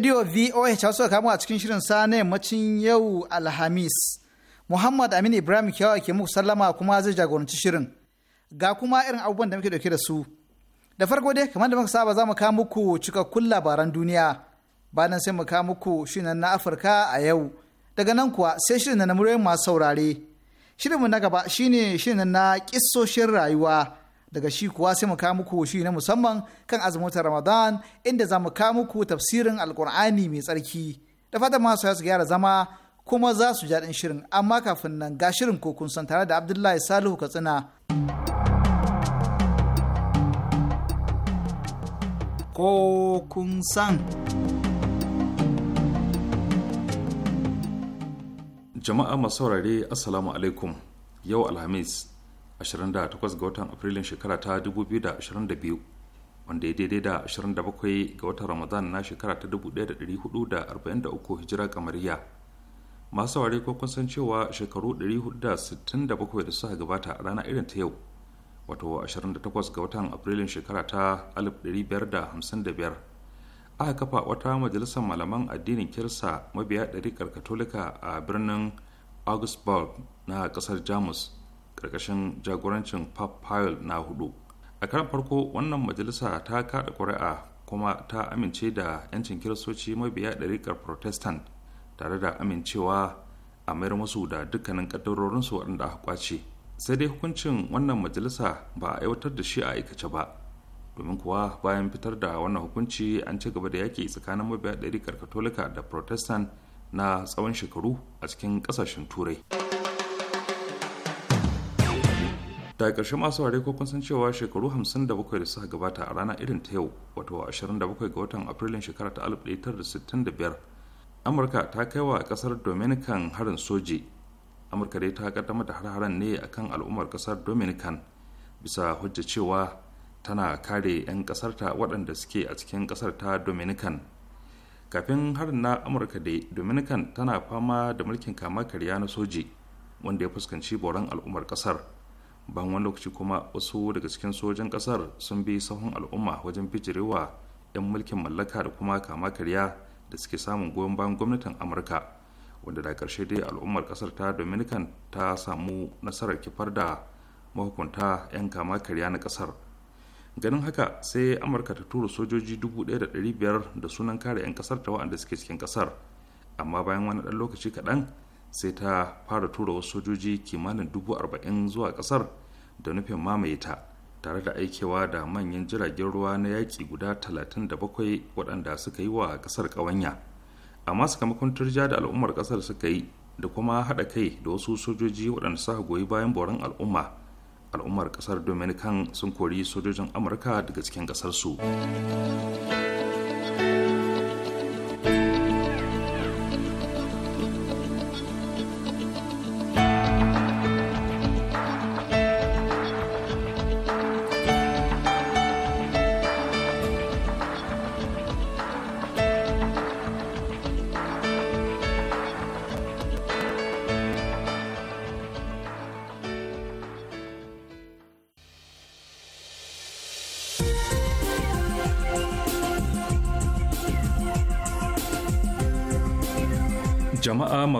Radio VOH wasu kamo a cikin shirin sa na yammacin yau Alhamis. Muhammad Aminu Ibrahim Kiyawa ke muku sallama kuma zai jagoranci shirin. Ga kuma irin abubuwan da muke dauke da su. Da farko dai kamar da muka saba za mu kawo muku cikakkun labaran duniya. Bayan sai mu kawo muku shirin na Afirka a yau. Daga nan kuwa sai shirin na namurai masu saurare. shirin mu na gaba shine shirin na kissoshin rayuwa. daga shi kuwa sai mu kawo muku shi na musamman kan azumin Ramadan inda za mu kawo muku tafsirin Alkur'ani mai tsarki. Da fatan masu su gyara zama kuma za su ji daɗin shirin amma kafin nan ga shirin ko kun san tare da Abdullahi Salihu Katsina. Ko kun san. Jama'a masaurare Assalamu alaikum yau Alhamis 28 ga watan afrilun shekara ta 2022 wanda ya daidai da 27 ga watan ramadan na shekara ta 1443 hijira kamariya masu saurari ko kun san cewa shekaru 467 da suka gabata a rana irin ta yau wato 28 ga watan afrilun shekara ta 1555 aka kafa wata majalisar malaman addinin kirsa mabiya ɗari katolika a birnin augsburg na ƙasar jamus ƙarƙashin jagorancin pap pile na hudu a karan farko wannan majalisa ta kada ƙuri'a kuma ta amince da 'yancin kiristoci mabiya ɗariƙar protestant tare da amincewa a mayar musu da dukkanin ƙaddarorinsu waɗanda aka kwace sai dai hukuncin wannan majalisa ba a aiwatar da shi a aikace ba domin kuwa bayan fitar da wannan hukunci an ci gaba da yaƙi tsakanin mabiya ɗariƙar katolika da protestant na tsawon shekaru a cikin ƙasashen turai. daga ƙarshe masu ware ko kun cewa shekaru 57 da suka gabata a rana irin ta yau wato 27 ga watan afrilun shekara ta 1965 amurka ta kai wa ƙasar dominican harin soji amurka dai ta kaddamar da har-haren ne akan al'ummar ƙasar dominican bisa hujja cewa tana kare 'yan ƙasarta waɗanda suke a cikin ƙasar ta dominican kafin harin na amurka dai dominican tana fama da mulkin kama karya na soji wanda ya fuskanci boran al'ummar ƙasar ban wani lokaci kuma wasu daga cikin sojan kasar sun bi sahun al'umma wajen bijirewa 'yan mulkin mallaka da kuma kama karya da suke samun goyon bayan gwamnatin amurka wanda da karshe dai al'ummar kasar ta dominican ta samu nasarar kifar da mahukunta 'yan kama karya na kasar ganin haka sai amurka ta tura sojoji dubu 1,500 da sunan kare 'yan kasar ta wa'anda suke cikin kasar amma bayan wani ɗan lokaci kaɗan sai ta fara tura wasu sojoji kimanin dubu arba'in zuwa kasar da nufin mamaye ta tare da aikewa da manyan jiragen ruwa na yaƙi guda talatin da bakwai waɗanda suka yi wa ƙasar ƙawanya amma sakamakon turja da al'ummar ƙasar suka yi da kuma haɗa kai da wasu sojoji waɗanda suka goyi bayan boron al'umma al'ummar ƙasar dominican sun kori sojojin amurka daga cikin ƙasarsu. su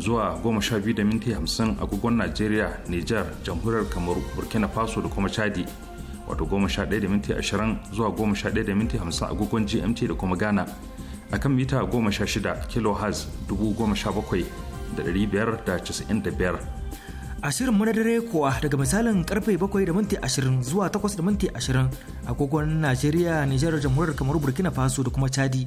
zuwa biyu da minti 50 agogon Najeriya, Nijar, Jamhuriyar Kamaru, Burkina Faso da kuma Chadi. Wato ɗaya da minti ashirin zuwa ɗaya da minti 50 agogon GMT da kuma Ghana. A kan mita 16 kHz 17,595. Ashirin mu na dare kuwa daga misalin karfe bakwai da minti ashirin zuwa takwas da minti 20 agogon Najeriya, Nijar, Jamhuriyar Kamaru, Burkina Faso da kuma Chadi.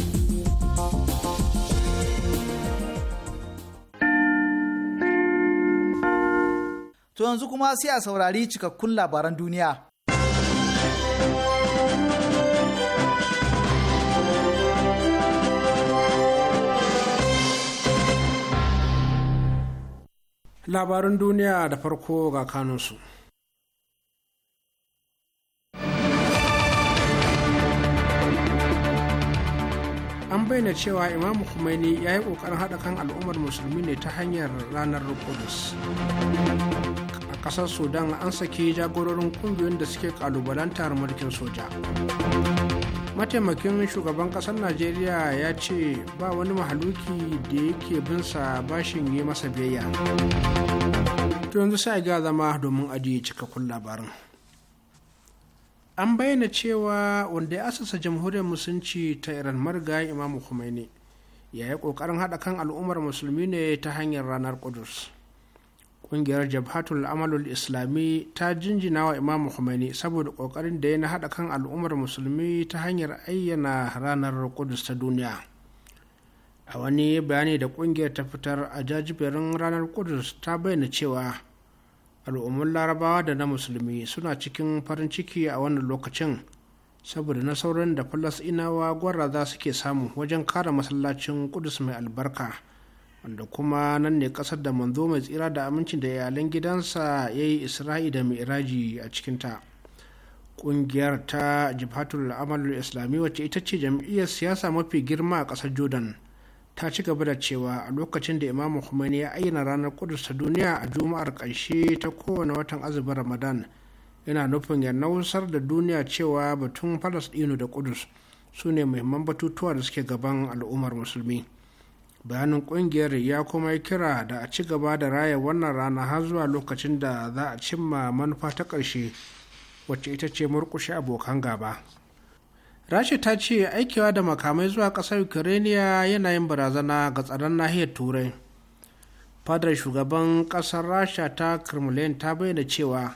To yanzu kuma sai a saurari cikakkun labaran duniya. Labaran duniya da farko ga kanunsu. an bayyana cewa imam Khomeini ya yi ƙoƙarin haɗa kan al'ummar musulmi ne ta hanyar ranar Rukunus. a ƙasar sudan an saki jagororin ƙungiyoyin da suke ƙalubalantar mulkin soja mataimakin shugaban ƙasar najeriya ya ce ba wani mahaluki da yake binsa bashin yi masa biyayya to yanzu sai ga zama domin ajiye cikakkun labarin an bayyana cewa wanda ya asasa jamhuriyar musulunci ta iran marga imamu khomeini ya yi kokarin haɗa kan al'ummar musulmi ne ta hanyar ranar kudus ƙungiyar jabhatul amalul islami ta jinjina wa imamu khomeini saboda kokarin da ya na haɗa kan al'ummar musulmi ta hanyar ayyana ranar kudus ta duniya a wani bayani da ƙungiyar ta fitar a jajiberin ranar kudus ta bayyana cewa al'ummun larabawa da na musulmi suna cikin farin ciki a wannan lokacin saboda nasarorin da inawa za za suke samu wajen kare masallacin kudus mai albarka wanda kuma nan ne kasar da manzo mai tsira da amincin da iyalan gidansa ya yi isra'i da mi'raji a cikinta ƙungiyar ta jibhatul amalul islami wacce ita ce jam'iyyar siyasa mafi girma a ƙasar jordan ta ci gaba da cewa a lokacin da Imam Khomeini ya ayyana ranar kudus ta duniya a juma'ar ƙarshe ta kowane watan azumin ramadan yana nufin ya nausar da duniya cewa batun falasɗinu da kudus su ne muhimman batutuwa da suke gaban al'ummar musulmi bayanin ƙungiyar ya kuma yi kira da a ci gaba da raya wannan rana har zuwa lokacin da za a cimma manufa ta ƙarshe wacce ita ce murƙushe abokan gaba rasha ta ce aikewa da makamai zuwa ƙasar ukraine yana yin barazana ga tsaron nahiyar turai fadar shugaban ƙasar rasha ta kremlin ta bayyana cewa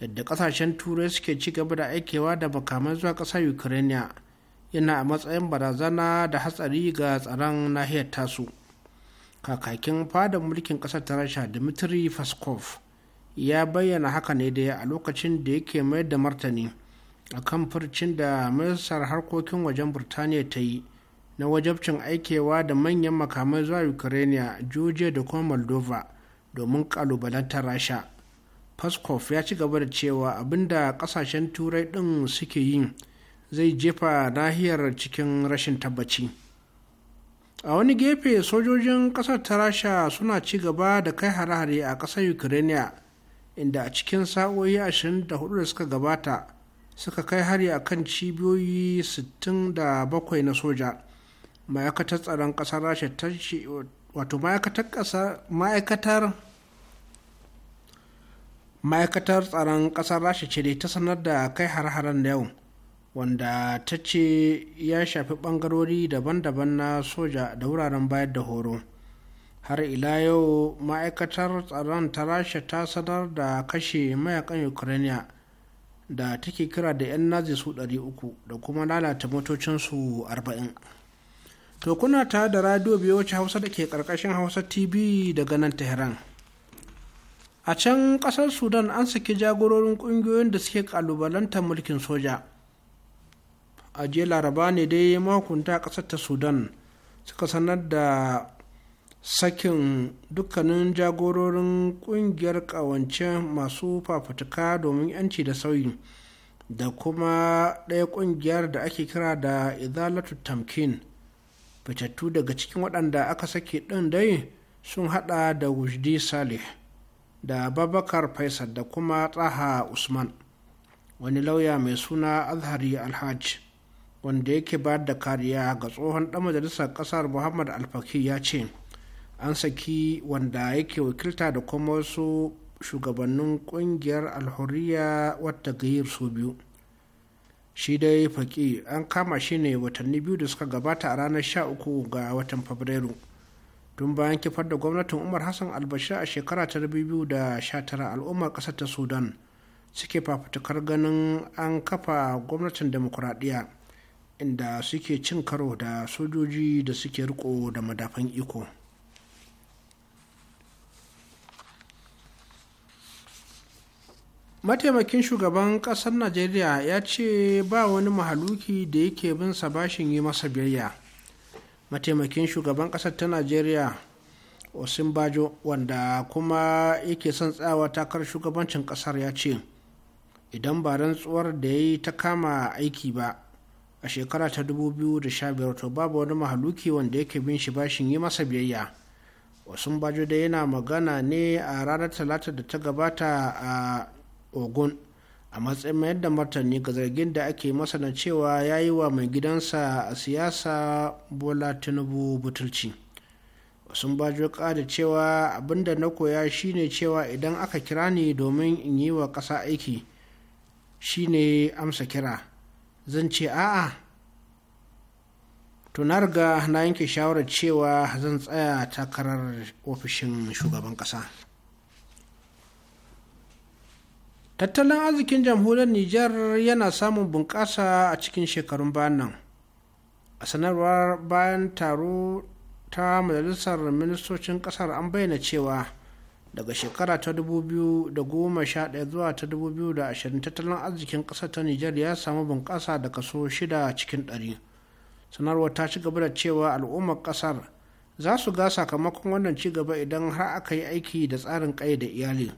yadda ƙasashen turai suke ci gaba da aikewa da makamai zuwa ƙasar ukraine yana a matsayin barazana da hatsari ga tsaron nahiyar tasu kakakin fadar mulkin ƙasar ta rasha dmitry faskov ya bayyana haka ne da a lokacin da yake mayar da martani a kan furcin da masar harkokin wajen burtaniya ta yi na wajabcin aikewa da manyan makamai zuwa ukraine georgia da kuma moldova domin kalubalantar rasha paskov ya ci gaba da cewa abinda kasashen turai din suke yi zai jefa nahiyar cikin rashin tabbaci a wani gefe sojojin kasar ta rasha suna ci gaba da kai hare-hare a ƙasar ukraine inda a cikin sa'o'i 24 da suka gabata suka kai hari a kan cibiyoyi 67 na soja ma'aikatar tsaron kasar rasha ta wato ma'aikatar ma'aikatar tsaron ƙasar rasha ce ta sanar da kai har-haren da yau wanda ta ce ya shafi bangarori daban-daban na soja da wuraren bayar da horo har ila yau ma'aikatar tsaron ta rasha ta sanar da kashe mayakan ukraine da take kira da 'yan nazi su 300 da kuma lalata motocinsu 40 to kuna ta da radio biyu wacce hausa da ke karkashin hausa tv daga nan tehran a can kasar sudan an saki jagororin kungiyoyin da suke ƙalubalanta mulkin soja a jiya laraba ne dai mahukunta kasar ta sudan suka sanar da sakin dukkanin jagororin kungiyar kawance masu fafutuka domin yanci da sauyi da kuma ɗaya kungiyar da ake kira da izalatu tamkin fitattu daga cikin waɗanda aka sake ɗin dai sun haɗa da wujdi salih da babakar faisal da kuma tsaha usman wani lauya mai suna azhari alhaj wanda yake ba da kariya ga tsohon ɗan majalisar ƙasar muhammad alfaki ya ce an saki wanda yake wakilta da kuma wasu shugabannin kungiyar alhuriya wata gayyar su biyu shi dai faƙi an kama shi ne watanni biyu da suka gabata a ranar sha uku ga watan fabrairu tun bayan kifar da gwamnatin umar hassan albashir a shekara ta da 2019 al'ummar ƙasar ta sudan suke fafutukar ganin an kafa gwamnatin demokuraɗiyya inda suke cin karo da sojoji da suke riko da madafan iko. mataimakin shugaban kasar najeriya ya ce ba wani mahaluki da yake bin sa bashin yi masa biyayya mataimakin shugaban kasar ta najeriya osinbajo wanda kuma yake son tsawa takar shugabancin kasar ya ce idan ba rantsuwar da ya yi ta kama aiki ba a shekara ta 2015 to babu wani mahaluki wanda yake bin shi bashin yi masa biyayya osinbajo da yana magana ne a ranar talata da ta gabata a ogun a matsayin mayar da martani ga zargin da ake masa na cewa ya yi wa mai gidansa a siyasa bola tinubu butulci sun ba da cewa abinda na koya shine cewa idan aka kira ni domin in yi wa ƙasa aiki shine amsa kira zan ce a'a to na na yanke shawarar cewa zan tsaya takarar ofishin shugaban ƙasa tattalin arzikin jamhuriyar niger yana samun bunƙasa a cikin shekarun bayan nan a sanarwar bayan taro ta majalisar ministocin ƙasar an bayyana cewa daga shekara ta 2011 zuwa ta 2020 tattalin arzikin ƙasar ta niger ya samu bunƙasa da kaso 6 cikin 100 sanarwar ta ci gaba da cewa al'ummar ƙasar za su ga sakamakon wannan ci gaba idan har aka yi aiki da tsarin ƙai da iyali.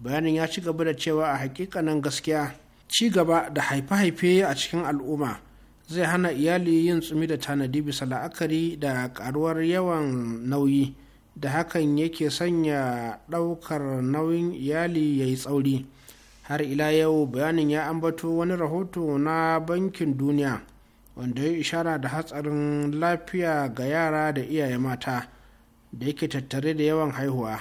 bayanin ya ci gaba da cewa a hakikanin gaskiya ci gaba da haife-haife a cikin al'umma zai hana iyali yin tsumi da tanadi bisa la'akari da karuwar yawan nauyi da hakan yake sanya ɗaukar nauyin iyali ya yi tsauri har ila yau bayanin ya ambato wani rahoto na bankin duniya wanda ya ishara da hatsarin lafiya ga yara da iyaye mata da yake tattare da yawan haihuwa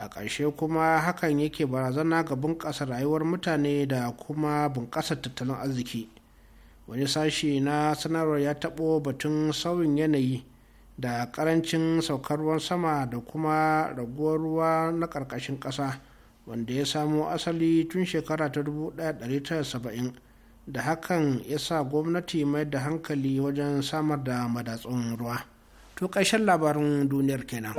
a ƙarshe kuma hakan yake barazana ga bunƙasa rayuwar mutane da kuma bunƙasa tattalin arziki wani sashi na sanarwar ya taɓo batun sauyin yanayi da ƙarancin saukar ruwan sama da kuma raguwar ruwa na ƙarƙashin ƙasa wanda ya samo asali tun shekara ta 1970 da hakan ya sa gwamnati mai da hankali wajen samar da madatsun ruwa to ƙarshen labarin duniyar kenan.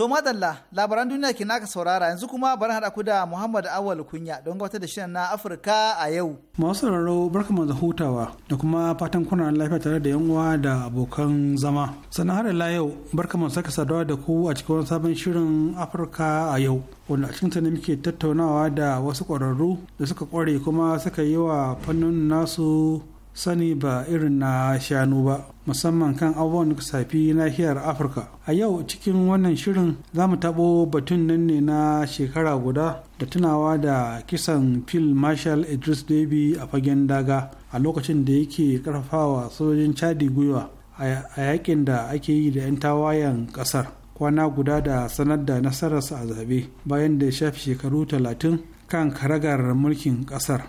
To madalla labaran duniya ke naka saurara yanzu kuma bari haɗa ku da Muhammad Awal Kunya don gabatar da shirin na Afirka a yau. Masu sauraro barka da hutawa da kuma fatan kuna lafiya tare da yan uwa da abokan zama. Sannan har ila yau barka mu saka sadawa da ku a cikin sabon shirin Afirka a yau. Wanda a cikin ne muke tattaunawa da wasu kwararru da suka kware kuma suka yi wa fannin nasu sani ba irin na shanu ba musamman kan abubuwan da safi nahiyar afirka a yau cikin wannan shirin za mu taɓo batun nan ne na shekara guda da tunawa da kisan phil marshal idris debi a fagen daga a lokacin da yake karfafawa sojojin chadi gwiwa a yakin da ake yi da 'yan tawayen kasar kwana guda da sanar da nasararsa a zabe bayan da ya shafi shekaru 30 kan karagar mulkin kasar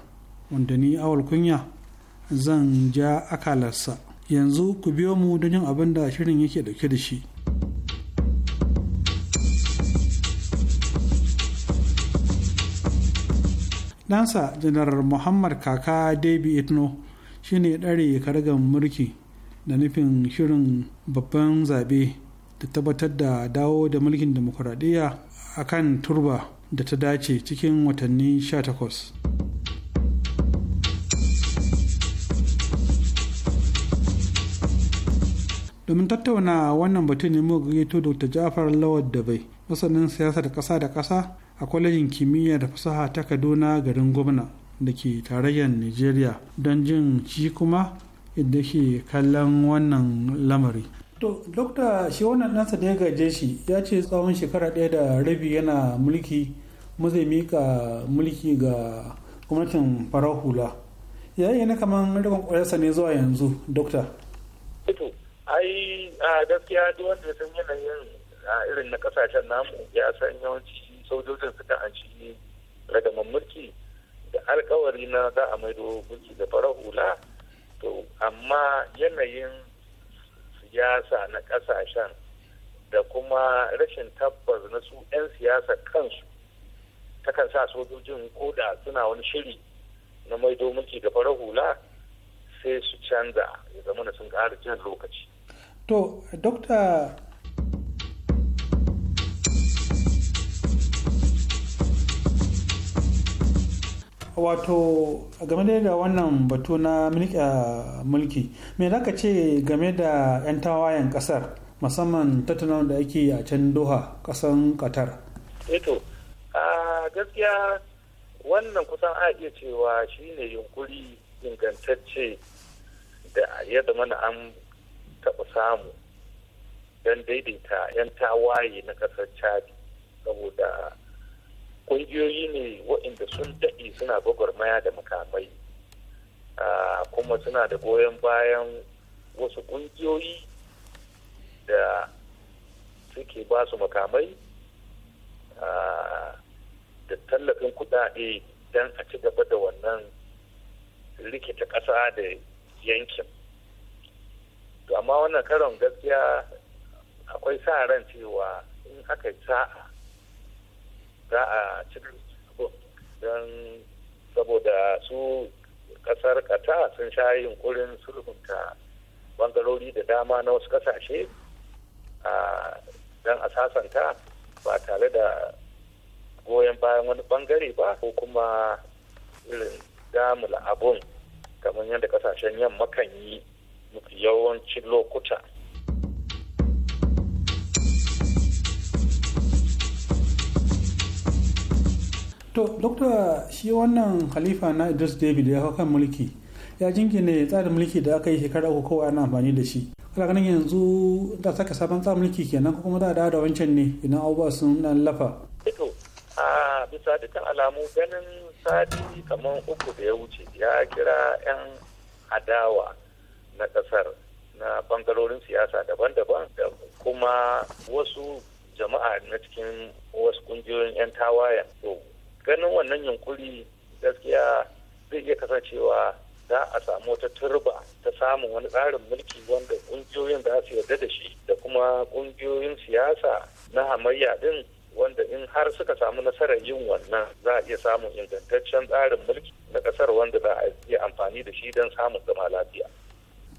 wanda ni awal kunya zan ja akalarsa yanzu ku biyo mu don yin abin da shirin yake dauke da shi ɗansa janar muhammad kaka debi itno shine ɗare kargan mulki da nufin shirin babban zaɓe da tabbatar da dawo da mulkin demokuraɗiyya a kan turba da ta dace cikin watanni 18 domin tattauna wannan batun ne mu gayyato dr jafar lawal da bai masanin siyasar kasa da kasa a kwalejin kimiyya da fasaha ta kaduna garin gwamna da ke tarayyar nigeria don jin ci kuma yadda ke kallon wannan lamari to dokta shi wannan ɗansa da ya gaje shi ya ce tsawon shekara ɗaya da rabi yana mulki mu zai mika mulki ga gwamnatin farar hula yayi na kamar rikon ƙwararsa ne zuwa yanzu dokta eh ai a gaskiya duk wanda san yanayin a irin na kasashen namu ya san yawanci sojojin suka an ci ragaman mulki da alkawari na za a maido mulki da farar hula to amma yanayin siyasa na kasashen da kuma rashin tabbas na su 'yan siyasa kansu takan sa sojojin ko da suna wani shiri na maido mulki da farar hula sai su canza ya zama sun ƙara jan lokaci to dokta wato game da wannan batu na eh, mulki me za ka ce game da 'yan tawayen kasar musamman tattalin da ake a can doha kasan qatar eto eh a gaskiya wannan kusan a iya cewa shine yunkuri ingantacce da yadda mana an taɓa samu don daidaita 'yan tawaye na ƙasar cadi saboda ƙungiyoyi ne waɗanda sun daɗe suna gwagwarmaya da makamai kuma suna da goyon bayan wasu ƙungiyoyi da suke ba su makamai da tallafin kuɗaɗe don a ci gaba da wannan rikita ƙasa da yankin to amma wannan karon gaskiya akwai sa ran cewa in aka yi sa'a za a cikin don saboda su kasar kata sun sha yunkurin sulhunta bangarori da dama na wasu kasashe don a sasanta ba tare da goyon bayan wani bangare ba ko kuma irin damula abun kamar yadda kasashen yamma kan yi yawancin lokuta to dokta shi wannan khalifa na idris david ya kan mulki ya jingine tsarin mulki da aka yi shekara uku kowa ana amfani da shi kana ganin yanzu da saka sabon tsarin mulki kenan ko kuma da da wancan ne idan abubuwa sun nan lafa Ito, a bisa dukkan alamu ganin sati kamar uku da ya wuce ya kira yan adawa na ƙasar na bangarorin siyasa daban-daban da kuma wasu jama'a na cikin wasu ƙungiyoyin 'yan tawayen to ganin wannan yunkuri gaskiya zai iya kasancewa za a samu wata turba ta samun wani tsarin mulki wanda kungiyoyin za su yarda da shi da kuma ƙungiyoyin siyasa na hamayya din wanda in har suka samu nasarar yin wannan za a iya samun ingantaccen tsarin mulki na kasar wanda za a iya amfani da shi don samun zama lafiya.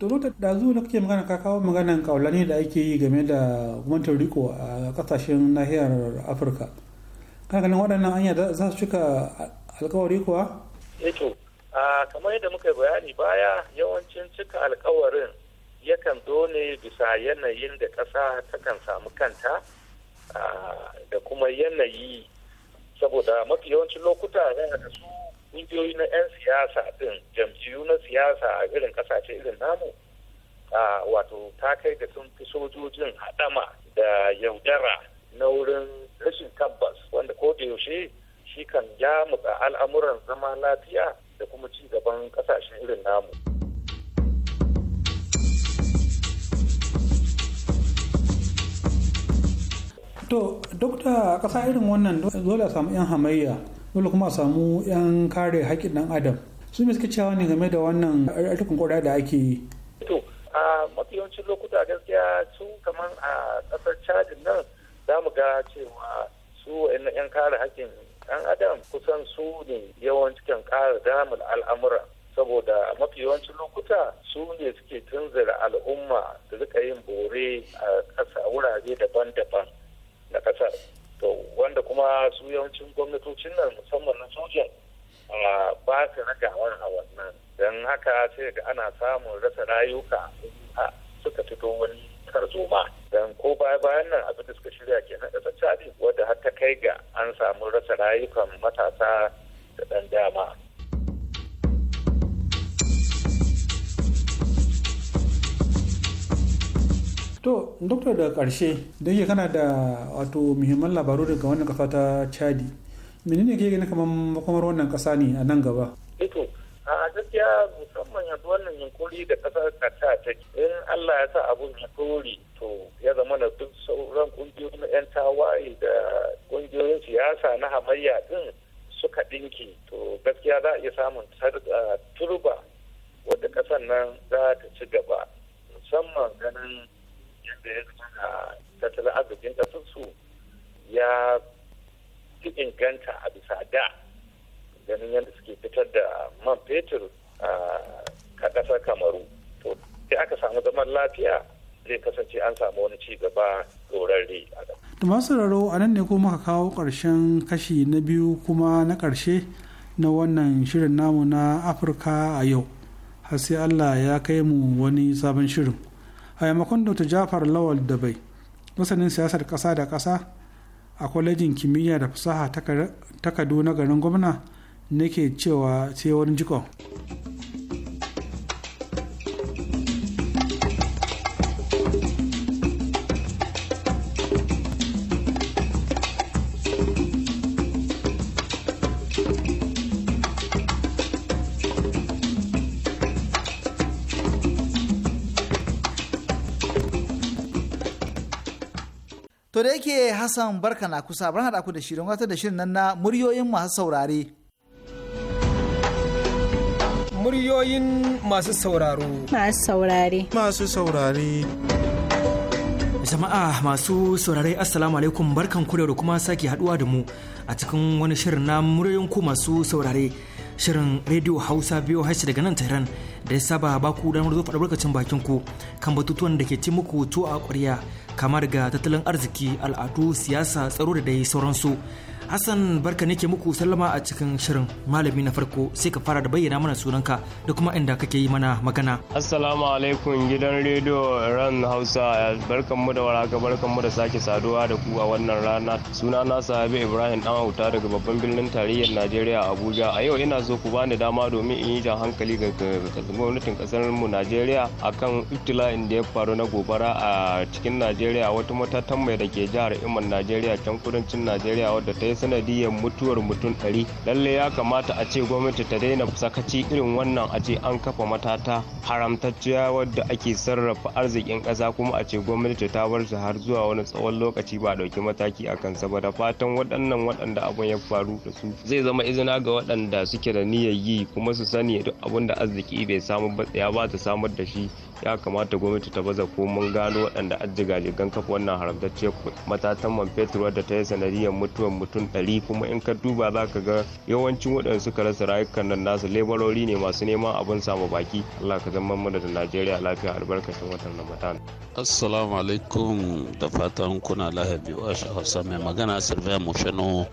to rota da zu na kake magana ka kawo maganan kaulani da ake yi game da gwamnatin riko a kasashen nahiyar afirka kana ganin waɗannan anya za su cika alkawari kuwa eto eh kamar yadda muka bayani baya yawancin cika alkawarin yakan zo ne bisa yanayin da ƙasa kan samu kanta da kuma yanayi saboda mafi yawancin lokuta za su kungiyoyi na 'yan siyasa din jam'iyyu na siyasa a irin kasashe irin namu a wato ta kai da sun fi sojojin haɗama da yaudara na wurin rashin tabbas wanda ko da yaushe shi kan ja mutsa al'amuran zama lafiya da kuma ci gaban kasashen irin namu. To, duk da ƙasa irin wannan dole a samu 'yan hamayya dole kuma a samu 'yan kare haƙƙin ɗan adam su me suke cewa ne game da wannan artikin kwada da ake yi to a mafi yawancin lokuta gaskiya su kamar a ƙasar cajin nan za mu ga cewa su 'yan kare haƙƙin ɗan adam kusan su ne yawanci kan ƙara damar al'amura saboda mafi yawancin lokuta su ne suke tunzura al'umma da suka yin bore a ƙasa wurare daban-daban na ƙasar to wanda kuma su yawancin gwamnatocin nan musamman na sojan ba su ragawan a wannan don haka sai ga ana samun rasa rayuka a suka fito wani tarzoma don ko baya bayan nan abin da suka shirya ke na ƙasar cadi wadda har ta kai ga an samu rasa rayukan matasa da ɗan dama to doktor da karshe da yake kana da wato muhimman labaru daga wannan kasa ta chadi menene ke gani kamar makomar wannan kasa ne a nan gaba eto eh a gaskiya musamman yanzu wannan yankuri da kasar kata ta in allah ya sa abun ya to ya zama na duk sauran kungiyoyin yan tawaye da kungiyoyin siyasa na hamayya din suka dinki to gaskiya za a iya samun turba wadda kasan nan za ta ci gaba musamman ganin yadda ya zama tattalin arzikin su ya fi inganta a bisa da ganin yadda suke fitar da man fetur a ƙasar kamaru to sai aka samu zaman lafiya zai kasance an samu wani ci gaba dorarre a da masu raro a nan ne kuma ka kawo ƙarshen kashi na biyu kuma na ƙarshe na wannan shirin namu na afirka a yau har sai allah ya kai mu wani sabon shirin a yamakon dr jafar lawal da bai masanin siyasar kasa da kasa a kwalejin kimiyya da fasaha ta kaduna garin gwamna nake cewa sai wani jikon da yake Hassan barka na kusa bar haɗa ku da shirin wata da shirin nan na muryoyin masu saurare. Muryoyin masu sauraro. Masu saurare. Masu saurare. Jama'a masu saurare Assalamu alaikum barkan ku da kuma sake haduwa da mu a cikin wani shirin na muryoyin ku masu saurare shirin Radio Hausa biyu hashi daga nan Tehran. da ya saba ba ku damar zo faɗa bakin ku kan batutuwan da ke ci muku to a ƙwarya kamar ga tattalin arziki al'adu siyasa tsaro da dai sauransu Hassan barka ne ke muku sallama a cikin shirin malami na farko sai ka fara da bayyana mana sunanka da kuma inda kake yi mana magana. Assalamu alaikum gidan rediyo ran Hausa mu da waraka barkanmu da sake saduwa da ku a wannan rana. Suna na Sahabi Ibrahim dan Hauta daga babban birnin tarayyar Najeriya Abuja. A yau ina so ku bani dama domin in yi jan hankali ga gwamnatin kasar mu Najeriya akan ibtila'in da ya faru na gobara a cikin Najeriya wata matatan mai da ke jihar Iman Najeriya can kudancin Najeriya wadda ta yi sanadiyar mutuwar mutum ɗari lalle ya kamata a ce gwamnati ta daina sakaci irin wannan a ce an kafa matata haramtacciya wadda ake sarrafa arzikin ƙasa kuma a ce gwamnati ta bar su har zuwa wani tsawon lokaci ba dauki mataki a kansa ba da fatan waɗannan waɗanda abin ya faru da su zai zama izina ga waɗanda suke da niyyar yi kuma su sani duk abin da arziki bai samu ba ya ba ta samar da shi ya kamata gwamnati ta baza ko mun gano waɗanda ajigajigan kafa wannan haramtacce matatan man fetur wadda ta yi sanadiyar mutuwar mutum ɗari kuma in ka duba za ka ga yawancin waɗanda suka rasa rayukan nan nasu lebarori ne masu neman abin samu baki allah ka zama mu da najeriya lafiya albarkacin watan ramadan assalamu alaikum da fatan kuna lahabi wa hausa mai magana sylvain mushano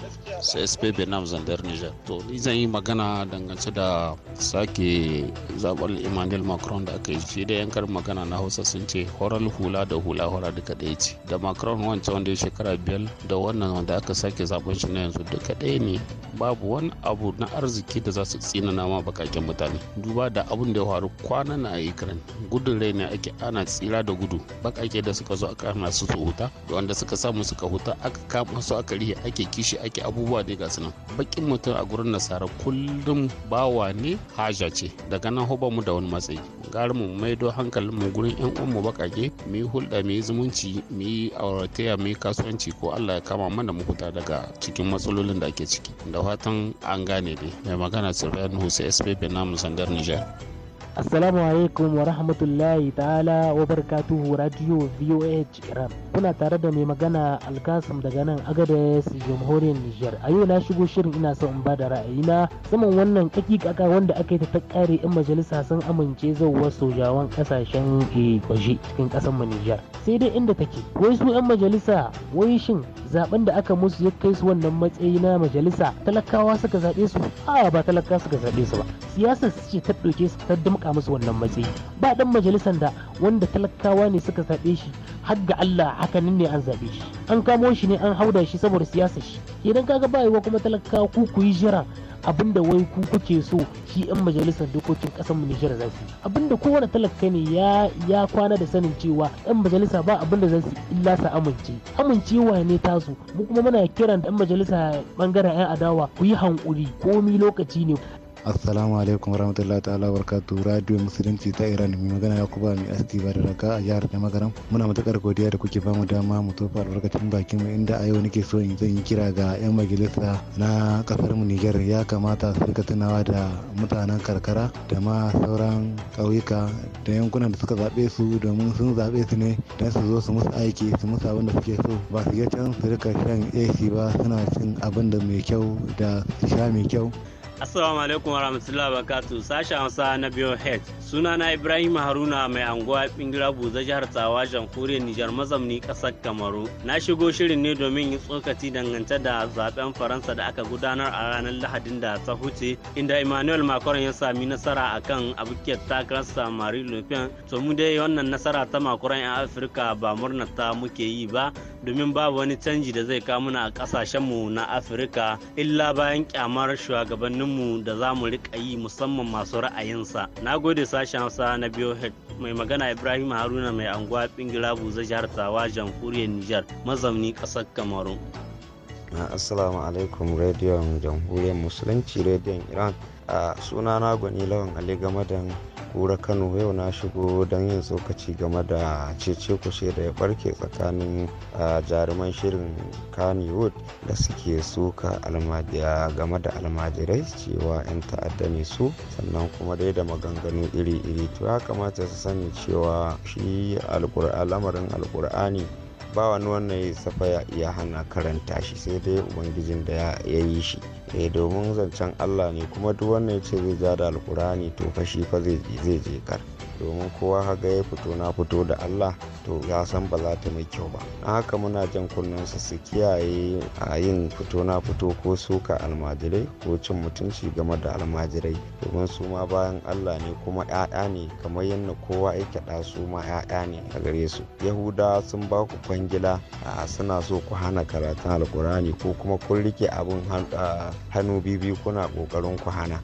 csp benam zandar niger to ni zan yi magana dangance da sake zaɓar emmanuel macron da aka yi shi da yanka bakar magana na hausa sun ce horal hula da hula hora duka ɗaya ce da macron wancan wanda ya shekara biyar da wannan wanda aka sake zaben shi na yanzu duka ɗaya ne babu wani abu na arziki da za su tsinana ma bakaken mutane duba da abun da ya faru kwana na a ukraine gudun rai ne ake ana tsira da gudu bakake da suka zo aka hana su su huta da wanda suka samu suka huta aka kama su aka rihe ake kishi ake abubuwa daga ga nan bakin mutum a gurin nasara kullum bawa ne haja ce daga nan hoba mu da wani matsayi garin mu maido hankali hankalin mu gurin yan uwan mu bakake mu yi hulɗa mu yi zumunci mu yi aurataya mu yi kasuwanci ko Allah ya kama mana mu huta daga cikin matsalolin da ake ciki da fatan an gane ne mai magana Sufyan Hussein SPP namu sandar Niger Assalamu alaikum wa rahmatullahi ta'ala wa barakatuhu Radio VOH Iran. Kuna tare da mai magana Alkasim daga nan Agadez Jamhuriyar Nijar. A yau na shigo shirin ina son in bada ra'ayina saman wannan kakikaka wanda aka yi ta kare yan majalisa sun amince zauwar sojawan kasashen eh, waje cikin kasar mu Nijar. Sai dai inda take. Wai su yan majalisa wai shin zaben da aka musu ya kai su wannan matsayi na majalisa talakawa suka zaɓe su? A'a ba talakawa suka zaɓe su ba. Siyasar su ce ta ɗauke su ta dumka saka musu wannan matsayi ba dan majalisar da wanda talakawa ne suka zaɓe shi har ga Allah hakanin ne an zaɓe shi an kamo shi ne an hauda shi saboda siyasa shi idan kaga bayewa kuma talakawa ku ku yi jira abinda wai ku kuke so shi yan majalisar dokokin kasar mu Nijar za su abinda kowane talaka ne ya ya kwana da sanin cewa yan majalisa ba abinda za su illa su amince amincewa ne tasu mu kuma muna kiran ɗan majalisa bangaren yan adawa ku yi hankuri komi lokaci ne assalamu alaikum warahmatullahi ta'ala barkatu radio musulunci ta iran mai magana ya kuba mai asti ba da raka a jihar damagaram muna matukar godiya da kuke bamu dama mu tofa albarkacin bakin mu inda a yau nake so in zan yi kira ga yan majalisa na kasar mu niger ya kamata su rika tunawa da mutanen karkara da ma sauran ƙauyuka da yankunan da suka zaɓe su domin sun zaɓe su ne don su zo su musu aiki su musu abin da suke so ba su je can su rika shan ac ba suna cin abin da mai kyau da sha mai kyau Assalamu alaikum wa barakatu sashen Hausa na BioHead. Suna na Ibrahim Haruna mai anguwa Bingira Buza jihar Tsawa jamhuriyar Nijar mazamni kasar Kamaru. Na shigo shirin ne domin yin tsokaci dangance da zaben Faransa da aka gudanar a ranar Lahadin da ta huce inda Emmanuel Macron ya sami nasara akan abokiyar takararsa Marie Le Pen. To mu dai wannan nasara ta Macron 'yan Afirka ba murna ta muke yi ba domin babu wani canji da zai kawo mana a kasashenmu na Afirka illa bayan kyamar shugabannin mu da za mu riƙa yi musamman masu ra'ayinsa na gode sashen hausa na biohead mai magana ibrahim haruna mai anguwa bingila buza jihar tawa jamhuriyar nijar mazauni ƙasar kamaru assalamu alaikum rediyon jamhuriyar musulunci rediyon iran a sunana gwani lawan ali game da kura kano yau na shigo don yin tsokaci game da cece kushe da ya barke tsakanin jaruman shirin kannywood da suke suka almajiya game da almajirai cewa 'yan ta'adda ne su sannan kuma dai da maganganu iri-iri to ya kamata su sani cewa shi lamarin alkur'ani ba wani wannan ya safa ya hana karanta shi sai dai ubangijin da ya yi shi e domin zancen allah ne kuma duk wannan ya ce zai ja da alkurani to fashi shi fa zai je kar domin kowa haga ya fito na fito da Allah to ya san ba za ta mai kyau ba a haka muna jan kunnen su su kiyaye a yin fito na fito ko suka almajirai ko cin mutunci game da almajirai domin su ma bayan Allah ne kuma 'ya'ya ne kamar yadda kowa ya da su ma 'ya'ya ne a gare su yahuda sun ba ku kwangila a suna so ku hana karatun alkurani ko kuma kun rike abin hannu bibi kuna kokarin ku hana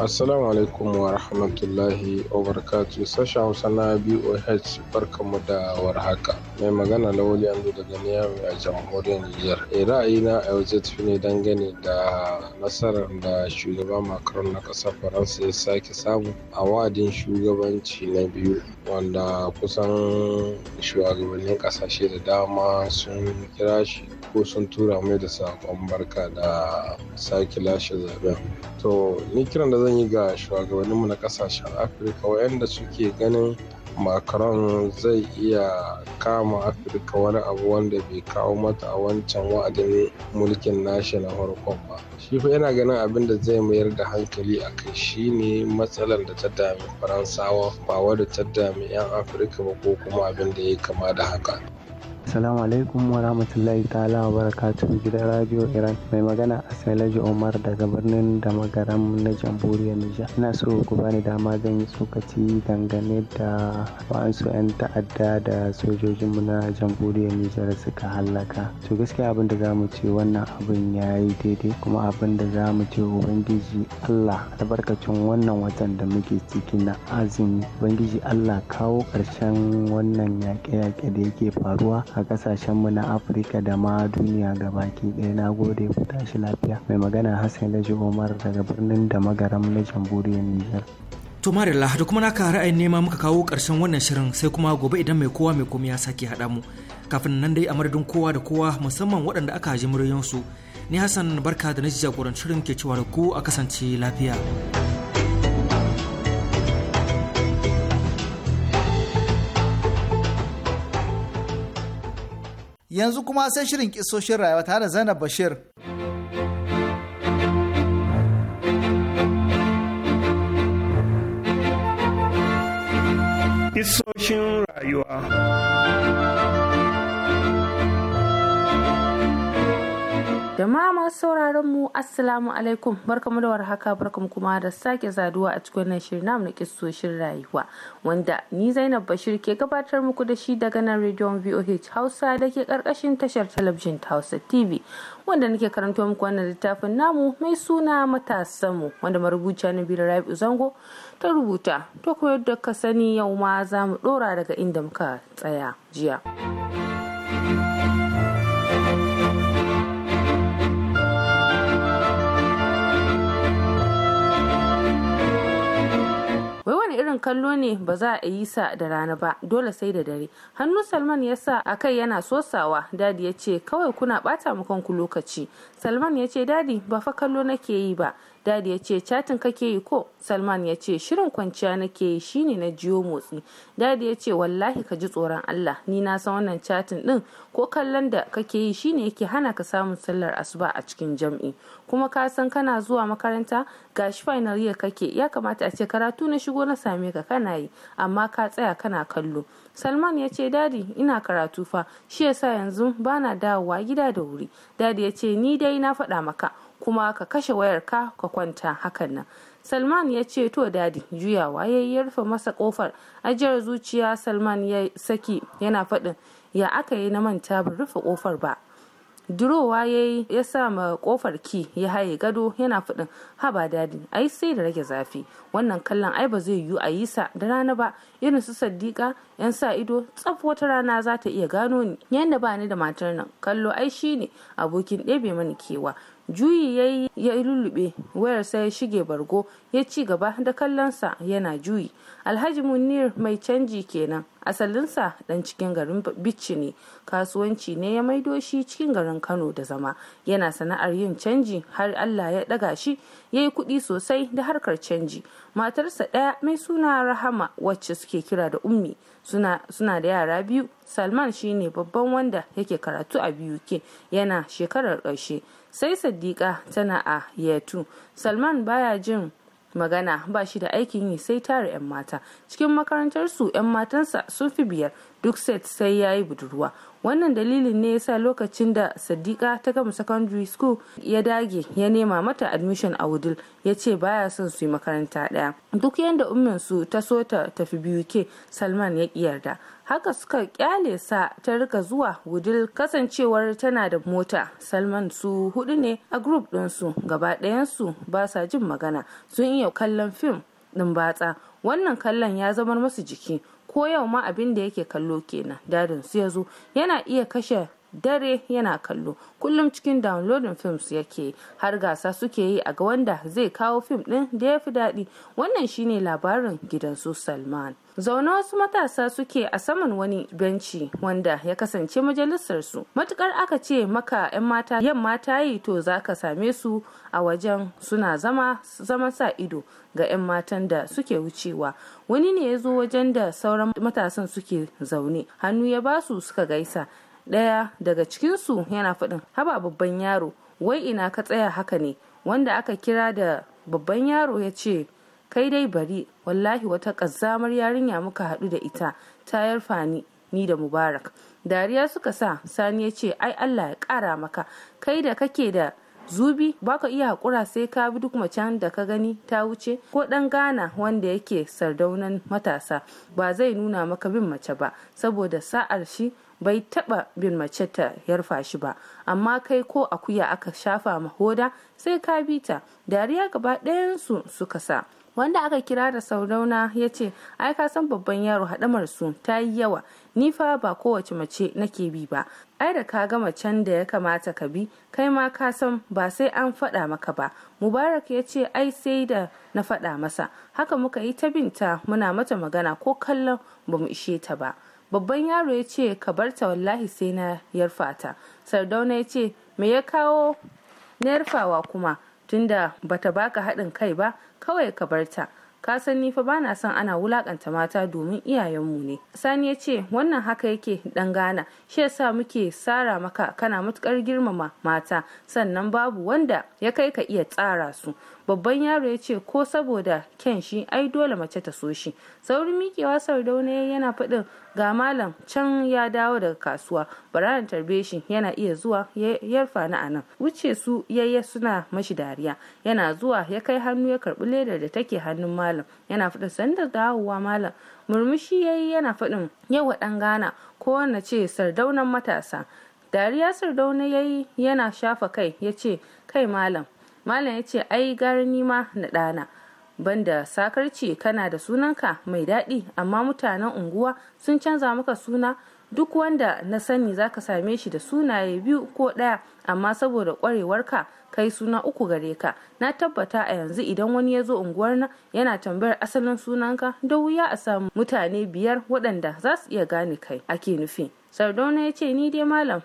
Assalamu alaikum wa rahmatullahi wa barakatuh sashen Hausa na BOH barkanmu da warhaka. Mai magana Lawali Andu daga Niyami a jamhuriyar Nijar. E eh, ra'ayina a yau zai tafi ne dangane da nasarar da shugaba Macron na ƙasar Faransa ya sake samu a wa'adin shugabanci na biyu wanda kusan shugabannin ƙasashe da dama sun kira shi ko sun tura mai da saƙon barka da sake lashe zaben. To ni kiran da zan zan yi ga shugabanninmu na kasashen afirka waɗanda suke ganin macron zai iya kama afirka wani abu wanda bai kawo mata a wancan wa'adin mulkin nashi na farkon ba shi fa yana ganin abin da zai mayar da hankali a kai shine matsalar da ta dami faransawa ba wadda ta dami 'yan afirka ba ko kuma abin da ya kama da haka Assalamu alaikum wa rahmatullahi ta'ala wa barakatuhu gidan Radio Iran mai magana a Asalaji Umar daga birnin da magaram na jamhuriyar Nijar. Ina so ku bani dama zan yi tsokaci dangane da wa'ansu 'yan ta'adda da sojojinmu na jamhuriyar Nijar suka hallaka. To gaskiya abin da za mu ce wannan abin ya yi daidai kuma abin da za mu ce Ubangiji Allah albarkacin wannan watan da muke ciki na azumi. Ubangiji Allah kawo ƙarshen wannan yaƙe-yaƙe da yake faruwa a kasashenmu na Afirka da ma duniya gabaki ɗaya. Na gode ku tashi lafiya. Mai magana Hassan Laji umar daga birnin da magaram na jamhuriyar Nijar. To Marilla da kuma naka ra'ayin nema muka kawo ƙarshen wannan shirin sai kuma gobe idan mai kowa mai komai ya sake haɗa mu. Kafin nan dai a madadin kowa da kowa musamman waɗanda aka ji muryoyinsu. Ni Hassan barka da na jagorancin shirin ke cewa da ku a kasance lafiya. yanzu kuma sai shirin kisoshin rayuwa tare da Zainab Bashir. Kisoshin rayuwa Jama'a masu sauraron mu Assalamu alaikum barkamu da warhaka barkamu kuma da sake saduwa a cikin wannan shirin namu na kissoshin rayuwa wanda ni Zainab Bashir ke gabatar muku da shi daga nan rediyon VOH Hausa da ke karkashin tashar talabijin ta Hausa TV wanda nake karanto muku wannan littafin namu mai suna matasan mu wanda marubuciya Nabila Rabi'u Zango ta rubuta to koyar da ka sani yau ma za mu dora daga inda muka tsaya jiya. wai wani irin kallo ne ba za a yi sa da rana ba dole sai da dare hannu salman ya sa a kai yana sosawa dadi ya ce kawai kuna bata mu kanku lokaci salman ya ce dadi ba fa kallo nake yi ba dadi ya ce chatin kake yi ko salman ya ce shirin kwanciya nake yi shine na jiyo motsi dadi ya ce wallahi ka ji tsoron allah ni na san wannan chatin din ko kallon da kake yi shine yake hana ka samun sallar asuba a cikin jam'i kuma ka san kana zuwa makaranta gashi final year kake ya kamata a ce karatu na shigo na same ka kana yi amma ka tsaya kana kallo Salman ya ce dadi ina karatu fa shi yasa yanzu bana dawowa gida da wuri. Dadi ya ce ni dai na faɗa maka kuma ka kashe wayarka ka kwanta hakan nan. Salman ya ce to dadi juyawa ya yi rufe masa kofar ajiyar zuciya Salman ya saki yana faɗin ya aka yi na manta ban rufe kofar ba. durowa ya yi ya sa ma kofar ki ya haye gado yana faɗin haba dadi ai sai da rage zafi wannan kallon ai ba zai yiwu a yi sa da rana ba irin su saddiƙa yan sa ido tsaf wata rana za ta iya gano ni yanda ba ni da matar nan kallo ai shine abokin ɗebe mani kewa juyi ya yi ya lullube wayar sai ya shige bargo ya ci gaba da kallonsa yana juyi alhaji munir mai canji kenan asalinsa dan cikin garin bicci ne kasuwanci ne ya maido shi cikin garin kano da zama yana sana'ar yin canji har allah ya daga shi ya yi kuɗi sosai da harkar canji matarsa ɗaya mai suna rahama wacce suke kira da ummi suna, suna da yara biyu salman shine babban wanda yake karatu a biyu yana shekarar ƙarshe sai saddiƙa tana a yetu salman baya jin magana ba shi da aikin yi sai tara 'yan mata cikin makarantarsu 'yan matansa sun fi biyar duk set sai ya yi budurwa wannan dalilin ne yasa lokacin da sadiqa ta gama secondary school ya dage ya nema mata admission a wudil ya ce baya son su yi makaranta ɗaya duk yadda ummin ta so ta tafi biyu ke salman ya ƙi yarda haka suka kyale sa ta rika zuwa wudil kasancewar tana da mota salman su hudu ne a group ɗinsu gaba ɗayansu ba sa jin magana sun iya kallon fim ɗin batsa wannan kallon ya zamar masu jiki ko yau ma abin da yake kallo kenan dadin su ya zo yana iya kashe dare yana kallo kullum cikin downloading films yake har gasa suke yi a ga wanda zai kawo fim din da ya fi daɗi wannan shine labarin gidan su salman zaune wasu matasa suke a saman wani benci wanda ya kasance majalisar su matukar aka ce maka 'yan mata yamma ta yi to za ka same su a wajen suna zama zama sa ido ga 'yan matan da suke wucewa wani ne ya zo wajen da sauran matasan suke zaune hannu ya basu suka gaisa ɗaya daga cikinsu yana faɗin haba babban yaro wai ina ka tsaya haka ne wanda aka kira da babban yaro ya ce kai dai bari wallahi wata ƙazamar yarinya muka haɗu da ita ta yarfa ni ni da mubarak dariya suka sa sani ya ce ai allah ya ƙara maka kai da kake da zubi baka iya haƙura sai ka bi duk mace da ka gani ta wuce ko ɗan gana wanda yake sardaunan matasa ba zai nuna maka bin mace ba saboda sa'ar shi bai taba bin mace ta yarfa shi ba amma kai ko akuya aka shafa mahoda sai ka bi ta dariya gaba ɗayansu suka sa wanda aka kira da saurauna ya ce ai ka san babban yaro haɗamar su ta yi yawa ni fa ba kowace mace nake bi ba ai da ka ga macen da ya kamata ka bi kai ma ka san ba sai an faɗa maka ba mubarak ya ce ai sai da na faɗa masa haka muka yi ta binta muna mata magana ko kallon bamu ishe ta ba babban yaro ya ce ka barta wallahi sai na yarfa ta sardauna ya ce me ya kawo na yarfawa kuma tunda bata baka haɗin kai ba kawai ka barta ka san ni fa bana son ana wulakanta mata domin iyayenmu ne sani ya ce wannan haka yake dan gana shi yasa muke sara maka kana matukar girmama mata sannan babu wanda ya kai ka iya tsara su babban yaro ya ce ko saboda ken shi ai dole mace ta so shi saurin miƙewa sardauna yana faɗin ga malam can ya dawo daga kasuwa bara na tarbe shi yana iya zuwa yarfa na anan wuce su yayya suna mashi dariya yana zuwa ya kai hannu ya karbi ledar da take hannun malam yana faɗin sanda dawowa malam murmushi yayi yana faɗin yauwa ɗan gana ko na ce sardaunan matasa dariya sardauna yayi yana shafa kai ya ce kai malam malam ya ce ai gara nima na ɗana banda sakarci kana da sunanka mai daɗi amma mutanen unguwa sun canza maka suna duk wanda na sani zaka same shi da sunaye biyu ko ɗaya amma saboda ƙwarewarka kai suna uku gare ka na tabbata a yanzu idan wani ya zo unguwar na yana tambayar asalin sunanka da wuya a samu mutane biyar waɗanda za su iya gane kai ake nufi sardauna ya ce ni dai malam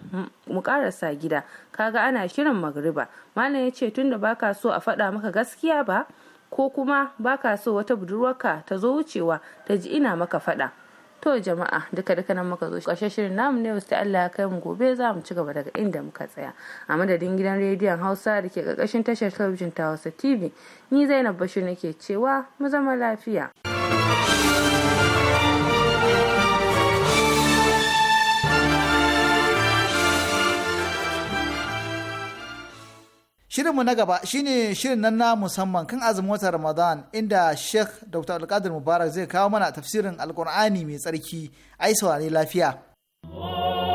mu karasa gida kaga ana shirin magriba malam ya ce tunda baka so a faɗa maka gaskiya ba ko kuma baka so wata budurwarka ta zo wucewa ta ji ina maka faɗa to jama'a duka duka nan muka zo kashe shirin namu ne wasu Allah ya kai mu gobe za mu ci gaba daga inda muka tsaya a madadin gidan rediyon Hausa da ke ƙarƙashin tashar talabijin ta Hausa TV ni Zainab Bashir nake cewa mu zama lafiya. Shirinmu na gaba shine shirin nan na musamman kan azumin watan Ramadan inda Sheikh Dr. Alkadir Mubarak zai kawo mana tafsirin Alkur'ani mai tsarki ai saurari lafiya. Oh.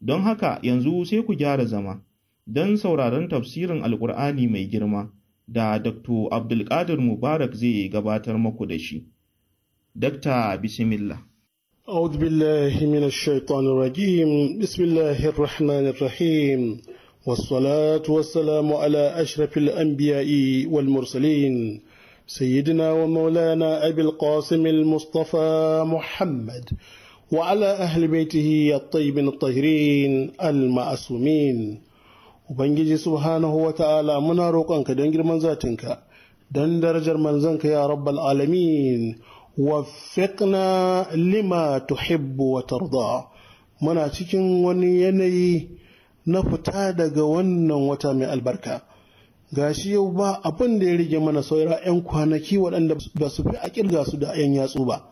don haka yanzu sai ku gyara zama don sauraron tafsirin Alƙur'ani mai girma da dr abdulkadir mubarak zai gabatar maku da shi dr bismillah أعوذ بالله من الشيطان الرجيم بسم الله الرحمن الرحيم والصلاة والسلام على أشرف الأنبياء والمرسلين سيدنا ومولانا أبي القاسم المصطفى محمد وعلى أهل بيته الطيبين الطاهرين المعصومين Ubangiji subhanahu wa ta'ala muna roƙonka don girman zatinka, don darajar manzanka ya rabbal alamin, waffiqna lima tuhibbu wa tarda. Muna cikin wani yanayi na fita daga wannan wata mai albarka. Gashi yau ba abin da ya rige mana saura ‘yan kwanaki waɗanda ba su fi a ƙirga su da ‘yan yatsu ba.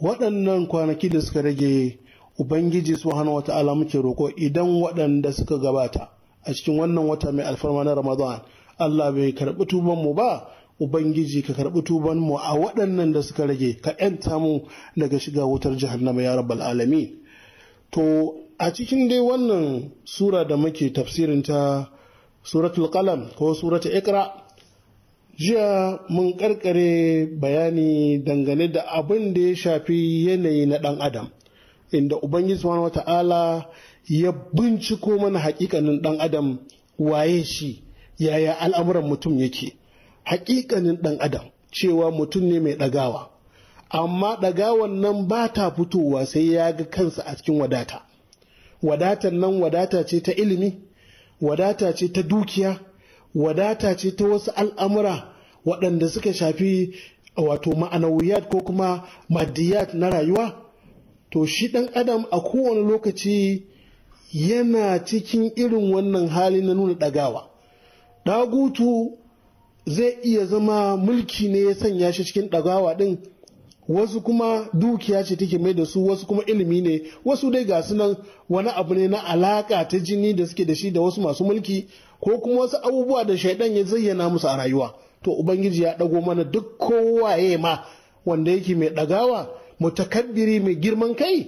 waɗannan kwanaki da suka rage ubangiji subhanahu wata'ala muke roko idan waɗanda suka gabata a cikin wannan wata mai alfarma na ramadan allah bai karɓi tuban mu ba ubangiji ka karɓi tuban mu a waɗannan da suka rage ka ƴanta mu daga shiga wutar jahannama ya rabbal alami to a cikin dai wannan sura da muke tafsirin ta suratul qalam ko surata ikra jiya mun ƙarƙare bayani dangane da abin da ya shafi yanayi na ɗan adam inda ubangiji subhanahu wata'ala ya binciko mana hakikanin ɗan adam waye shi yaya al'amuran mutum yake hakikanin ɗan adam cewa mutum ne mai ɗagawa amma ɗagawan nan ba ta fitowa sai ya ga kansa a cikin wadata wadatan nan wadata ce ta ilimi wadata ce ta dukiya wadata ce ta wasu al'amura waɗanda suka shafi wato ma'anawiyat ko kuma madiyat na rayuwa to shi ɗan adam a kowane lokaci yana cikin irin wannan hali na nuna ɗagawa ɗagutu zai iya zama mulki ne ya sanya shi cikin ɗagawa ɗin wasu kuma dukiya ce take mai da su wasu kuma ilimi ne wasu dai ga nan wani abu ne na alaƙa ta jini da suke da shi da wasu masu mulki ko kuma wasu abubuwa da shaidan ya zayyana musu a rayuwa to ubangiji ya ɗago mana duk kowaye ma wanda yake mai ɗagawa mutakabbiri mai girman kai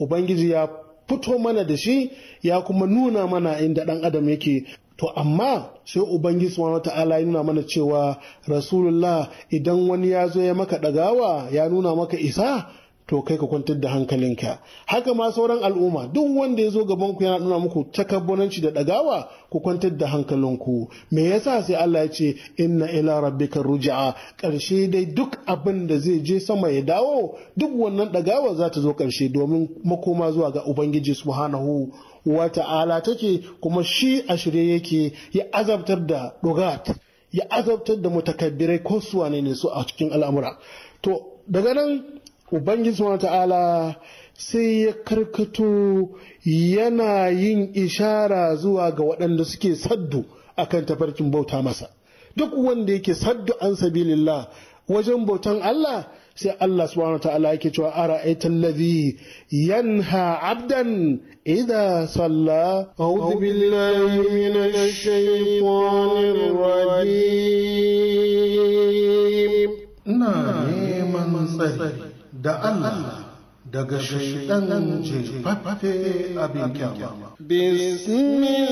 ubangiji ya fito mana da shi ya kuma nuna mana inda ɗan adam yake to amma sai ubangiji subhanahu ta'ala ya nuna mana cewa rasulullah idan wani ya zo ya maka ɗagawa ya nuna maka isa to kai ka kwantar da hankalinka haka ma sauran al'umma duk wanda ya zo gaban ku yana nuna muku takabbonanci da dagawa ku kwantar da hankalinku me yasa sai Allah ya ce inna ila rabbika ruj'a karshe dai duk abin da zai je sama ya dawo duk wannan dagawa za ta zo karshe domin makoma zuwa ga ubangiji subhanahu wa ta'ala take kuma shi a shirye yake ya azabtar da dogat ya azabtar da mutakabbirai ko suwane ne su a cikin al'amura to daga nan Ubangiji wa ta'ala sai ya karkato yana yin ishara zuwa ga waɗanda suke saddu a kan tafarkin bauta masa. Duk wanda yake saddu an sabilillah wajen bautan Allah sai Allah subhanahu ta'ala yake cewa ara aitan ladhi yanha abdan idza salla a'udhu billahi minash shaitanir rajim ina neman tsari بسم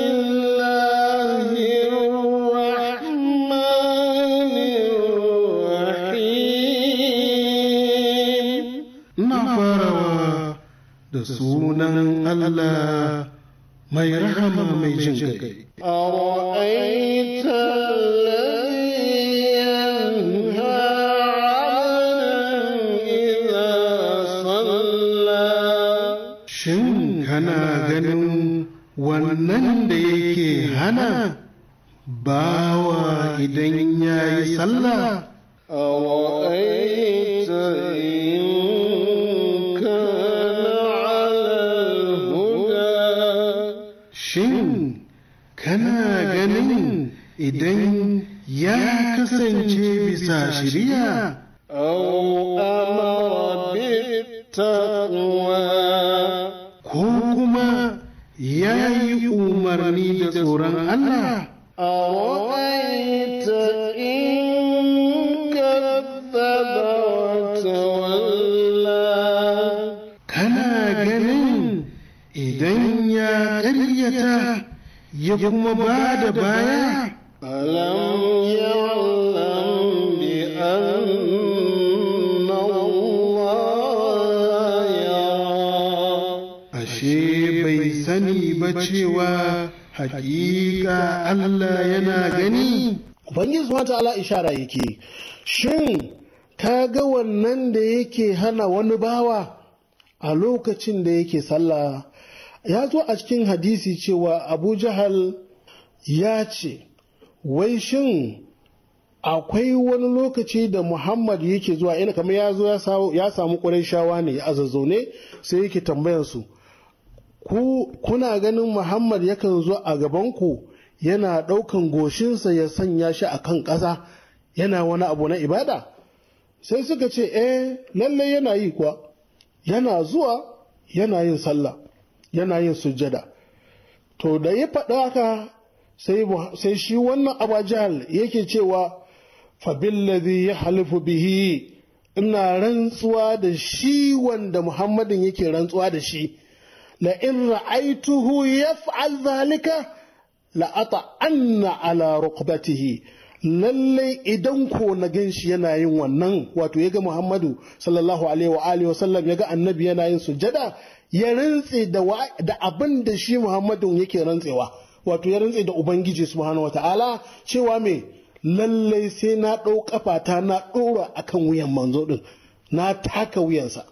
الله الرحمن الرحيم نفر دسونا الله ما يرحم ما يجنك أرأيت wannan da yake hana bawa idan ya yi sallah Shin kana ganin idan ya kasance bisa shirya? Ko kuma ya yi umarni da tsoron Allah kana ganin idan ya karyata ya kuma ba da baya alam ya'lam bi anna Allah ashe bai sani ba cewa hakika Allah yana gani Ubangiji ishara yake shin ka ga wannan da yake hana wani bawa a lokacin da yake sallah ya zo a cikin hadisi cewa Abu Jahal ya ce wai shin akwai wani lokaci da Muhammad yake zuwa ina kamar ya zo ya samu ƙurai shawa ne a zazzaune sai yake tambayar su ku kuna ganin Muhammad yakan zo a gabanku yana ɗaukan goshinsa ya sanya shi a kan ƙasa yana wani abu na ibada? Sai suka ce, eh lalle yana yi kuwa, yana zuwa yana yin sallah, yana yin sujjada. To da ya faɗa haka sai shi wannan abajal yake cewa, fabillazi ya halifu bihi ina rantsuwa da shi wanda Muhammadin yake rantsuwa da shi. لئن رأيته يفعل ذلك لأطعن على rukbatihi lallai idan ko na gan shi yana yin wannan wato ya ga Muhammadu sallallahu alaihi wa alihi wasallam ya ga annabi yana yin sujada ya rantse da da abin da shi Muhammadu yake rantsewa wato ya rantse da ubangiji subhanahu ta'ala cewa me lallai sai na ɗau kafata na ɗora akan wuyan manzo din na taka wuyansa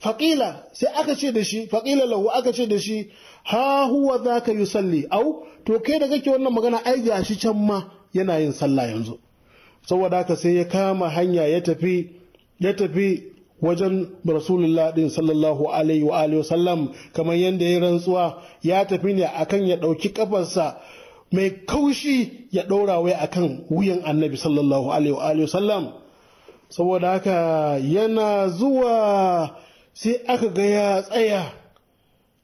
faƙila sai aka ce da shi faƙila lahu aka ce da shi ha huwa za ka yi salli au to kai da kake wannan magana ai ga shi can ma yana yin sallah yanzu saboda haka sai ya kama hanya ya tafi ya tafi wajen rasulullah din sallallahu alaihi wa alihi wasallam kamar yadda ya rantsuwa ya tafi ne akan ya ɗauki kafarsa mai kaushi ya ɗora wai akan wuyan annabi sallallahu alaihi wa alihi wasallam saboda haka yana zuwa sai aka ga ya tsaya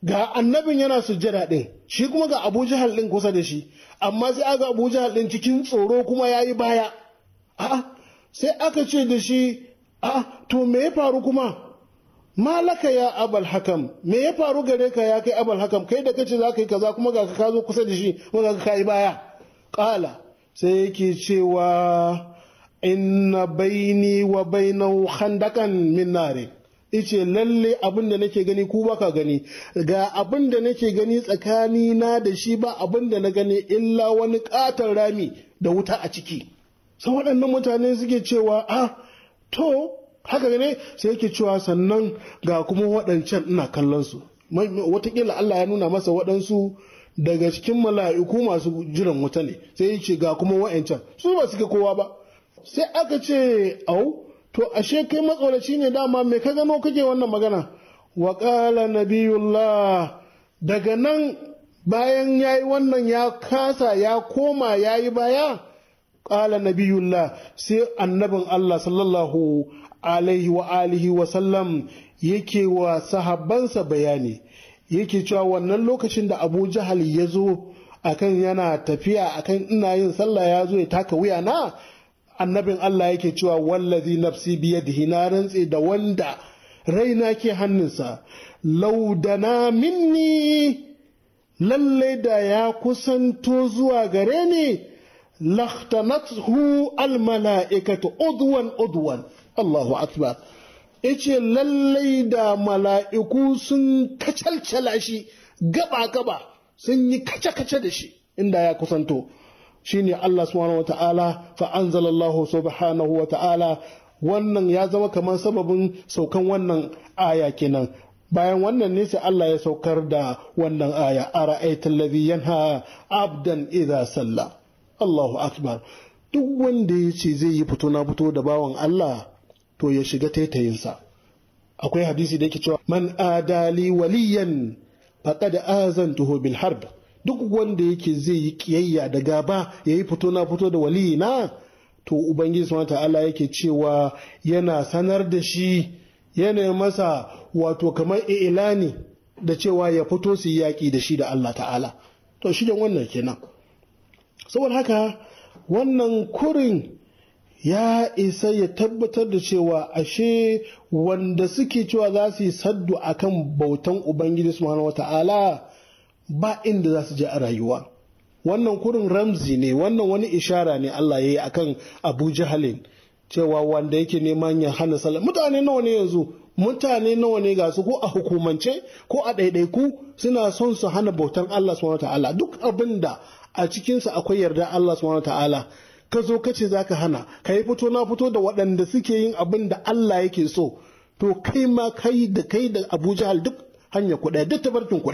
ga annabin yana sujjada ɗin shi kuma ga abu jihar ɗin kusa da shi amma sai aka abu jihar ɗin cikin tsoro kuma ya yi baya a sai aka ce da shi a to me ya faru kuma malaka ya abal hakam me ya faru gare ka ya kai abal hakam kai da kace za ka yi kaza kuma ga ka zo kusa da shi kuma ga ka yi baya ƙala sai yake cewa inna baini wa bainahu khandakan min Ice lalle abin da nake gani ku baka gani ga abin da nake gani tsakani na da shi ba abin da na gani illa wani katon rami da wuta a ciki sai waɗannan mutane suke cewa a ah, to haka ne sai yake cewa sannan ga kuma waɗancan ina kallonsu watakila Allah ya nuna masa waɗansu daga cikin mala'iku masu jiran wuta ne sai ya ce ga kuma waɗancan su ba suke kowa ba sai aka ce au to ashe kai matsoraci ne dama mai ka gano kake wannan magana wa qala nabiyullah daga nan bayan ya yi wannan ya kasa ya koma ya yi baya ƙala nabiyullah sai annabin Allah sallallahu alaihi wa alihi wa sallam yake wa sahabbansa bayani yake cewa wannan lokacin da abu jahal ya zo akan yana tafiya akan ina yin sallah ya zo ya taka wuya na annabin Allah yake cewa wallazi nafsi biyadihi na rantse da wanda raina ke hannunsa laudana minni lalle da ya kusanto zuwa gare ni lakhtanathu almala'ikatu udwan udwan Allahu akbar yace lalle da mala'iku sun kacalcala shi gaba gaba sun yi kace kace da shi inda ya kusanto shine Allah subhanahu wata'ala fa anzalallahu subhanahu wata'ala wannan ya zama kamar sababin saukan wannan aya kenan bayan wannan ne sai Allah ya saukar da wannan aya ara'aytal ladhi yanha abdan idza salla Allahu akbar duk wanda ya ce zai yi fito na fito da bawan Allah to ya shiga taitayinsa akwai hadisi da yake cewa man adali waliyan faqad azantuhu bil harb duk wanda yake zai yi kiyayya da gaba ya yi fito na fito da waliyi na to ubangiji subhanahu ta'ala yake cewa yana sanar da shi yana masa wato kamar ilani da cewa ya fito su yaƙi da shi da Allah ta'ala to shi wannan kenan saboda haka wannan kurin ya isa ya tabbatar da cewa ashe wanda suke cewa za su yi saddu akan bautan ubangiji subhanahu ta'ala. ba inda za su je a rayuwa wannan kurin ramzi ne wannan wani ishara ne Allah ya yi akan Abu Jahalin cewa wanda yake neman ya hana sallah mutane nawa ne yanzu mutane nawa ne ga su ko a hukumance ko a ɗaiɗaiku suna son su hana bautar Allah subhanahu ta'ala duk abin da a cikinsu akwai yarda Allah subhanahu ta'ala ka zo ka ce zaka hana ka yi fito na fito da waɗanda suke yin abin da Allah yake so to kai ma kai da kai da Abu Jahal duk hanya kuɗaya duk tabarkin ku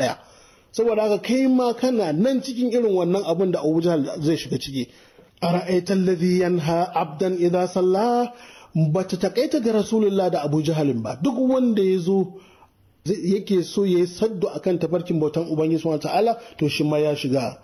saboda haka kai ma kana nan cikin irin wannan abin da Abu Jahal zai shiga ciki A ara'aita alladhi ha abdan idan salla bata taƙaita ga rasulullah da Abu Jahalin ba duk wanda ya zo yake so ya yi saddu kan tafarkin bautan Ubangiji subhanahu ta'ala to shi ma ya shiga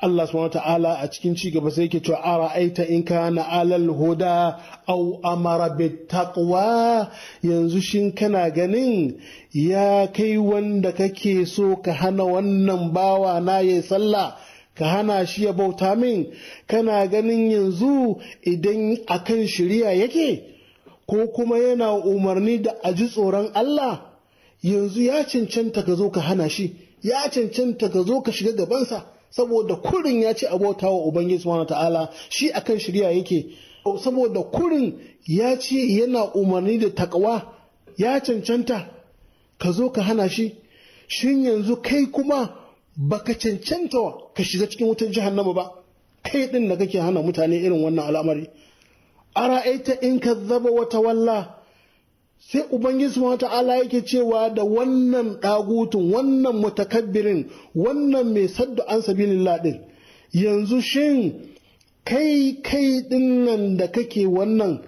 Allah subhanahu ta'ala a cikin ci gaba sai yake cewa ara'aita in kana alal huda aw amara bit taqwa yanzu shin kana ganin ya kai wanda kake so ka hana wannan bawa na ya sallah ka hana shi ya bauta min kana ganin yanzu idan akan shiriya yake ko kuma yana umarni da a ji tsoron Allah yanzu ya cancanta ka zo ka hana shi ya cancanta ka zo ka shiga gabansa saboda kurin ya ce abota wa ubangiji wa ta'ala shi akan shirya yake saboda kurin ya ce yana umarni da takawa ya cancanta ka zo ka hana shi shin yanzu kai kuma baka cancanta ka shiga cikin wutar nama ba kai din da kake hana mutane irin wannan al'amari ara'aita in ka zaba wata walla. sai ubangiji subhanahu ta'ala yake cewa da wannan ɗagutun wannan mutakabbirin wannan mai saddu an sabilillah din yanzu shin kai kai ɗinnan da kake wannan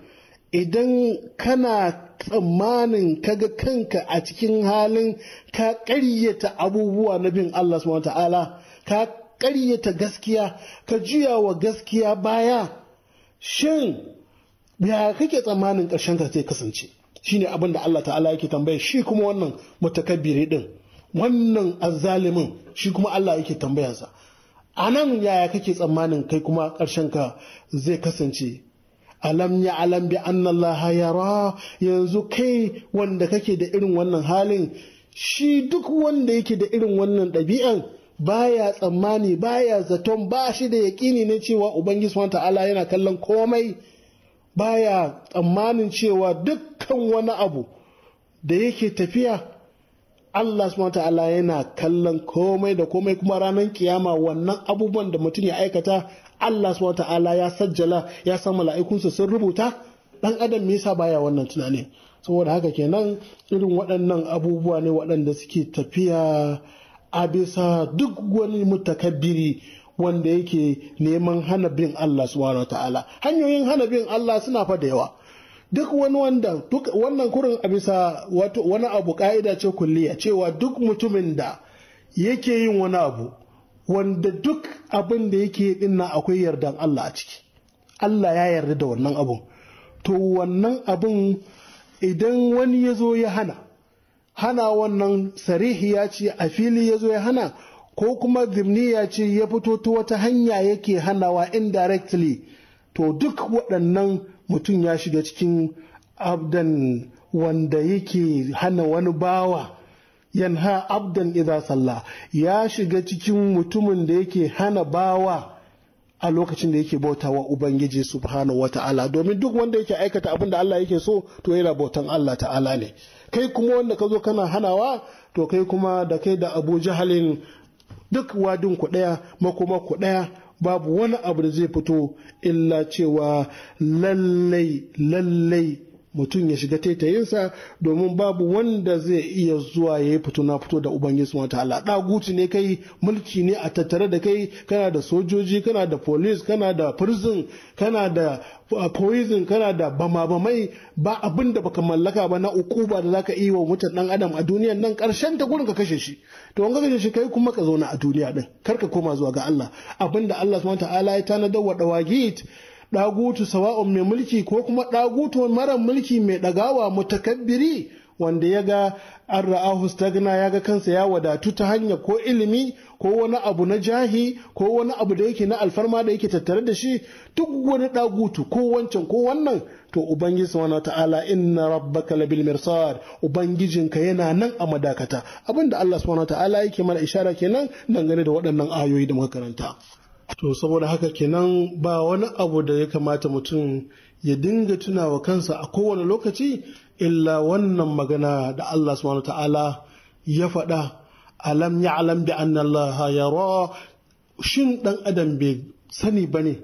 idan kana tsammanin kaga kanka a cikin halin ka karyata abubuwa na bin Allah subhanahu ta'ala ka karyata gaskiya ka juya wa gaskiya baya shin ya kake tsammanin ƙarshen ka zai kasance shine abin da Allah ta'ala yake tambaya shi kuma wannan mutakabbiri din wannan azzalimin shi kuma Allah yake sa. a nan yaya kake tsammanin kai kuma ƙarshen ka zai kasance alam ya alam bi annallaha yara yanzu kai wanda kake da irin wannan halin shi duk wanda yake da irin wannan ɗabi'an baya tsammani baya zaton ba shi da yaƙini na cewa ubangiji subhanahu ta'ala yana kallon komai baya tsammanin cewa dukkan wani abu da yake tafiya Allah subhanahu ta'ala yana kallon komai da komai kuma ranar kiyama wannan abubuwan da mutum ya aikata Allah subhanahu ta'ala ya sajjala ya san mala'ikunsa sun rubuta dan adam me yasa baya wannan tunani saboda haka kenan irin waɗannan abubuwa ne waɗanda suke tafiya a bisa duk wani mutakabbiri wanda yake neman hana bin Allah subhanahu ta'ala hanyoyin hana bin Allah suna fa da yawa duk wani wanda duk wannan kurin a bisa wato wani abu ka'ida ce kulliya cewa duk mutumin da yake yin wani abu wanda duk abin da yake dinna akwai yardan Allah a ciki Allah ya yarda da wannan abun to wannan abun idan wani ya zo ya hana hana wannan sarihi ya ce a fili ya zo ya hana ko kuma zimniya ce ya fito ta wata hanya yake hanawa indirectly to duk waɗannan mutum ya shiga cikin abdan wanda yake hana wani bawa yanha abdan iza sallah ya shiga cikin mutumin da yake hana bawa a lokacin da yake bauta wa Ubangiji subhanahu wa ta'ala domin duk wanda yake aikata abin da Allah yake so to yana bautan Allah ta'ala ne kai kuma wanda ka zo kana hanawa to kai kuma da kai da Abu Jahalin duk wadin ku ɗaya makoma ku ɗaya babu wani abu da zai fito illa cewa lallai lallai mutum ya shiga taitayinsa domin babu wanda zai iya zuwa ya yi fito na fito da ubangiji wata ta'ala ɗaguci ne kai mulki ne a tattare da kai kana da sojoji kana da police kana da prison kana da uh, poison kana da bama-bamai ba abin da baka mallaka ba na ukuba da zaka yi wa mutum ɗan adam a duniyan nan karshen ta gurin ka kashe shi to wanga kashe shi kai kuma ka zauna a duniya din kar ka koma zuwa ga Allah abin da Allah subhanahu wa ta'ala ya tanadar wa dawagit ɗagutu sawa'un mai mulki ko kuma ɗagutu mara mulki mai ɗagawa mutakabbiri wanda ya ga an ra'ahu stagna ya ga kansa ya wadatu ta hanya ko ilimi ko wani abu na jahi ko wani abu da yake na alfarma da yake tattare da shi duk wani ɗagutu ko wancan ko wannan to ubangiji wa ta'ala inna rabbaka labil mirsad ubangijinka yana nan a madakata abinda Allah subhanahu ta'ala yake mana ishara kenan dangane da waɗannan ayoyi da muka karanta To saboda haka kenan ba wani abu da ya kamata mutum ya dinga tunawa kansa a kowane lokaci illa wannan magana da Allah subhanahu ta'ala ya faɗa alam ya'lam bi anna Allah yara shin ɗan adam bai sani ba ne?